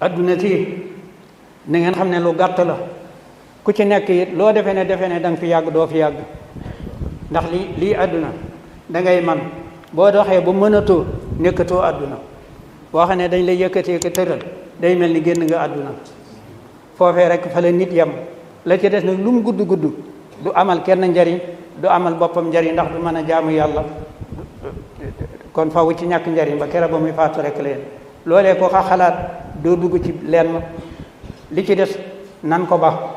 adduna si na ngeen xam ne lu gàtt la ku ci nekk loo defee ne defe ne da nga fi yàgg doo fi yàgg ndax li lii àdduna da ngay man boo doxee ba mënatoo nekkatoo àdduna boo xam ne dañ lay yëkkatee ko tëral day mel ni génn nga àdduna foofee rek fa la nit yem la ci des na lum mu gudd gudd du amal kenn njariñ du amal boppam njariñ ndax du mën a jaamu yàlla kon fawu ci ñàkk njariñ ba kera ba muy faatu rek leen loolee ko xa xalaat doo dugg ci lenn li ci des nan ko ba